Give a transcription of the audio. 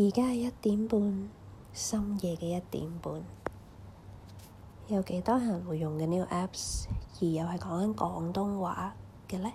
而家係一點半，深夜嘅一點半，有幾多人會用緊呢個 Apps，而又係講緊廣東話嘅咧？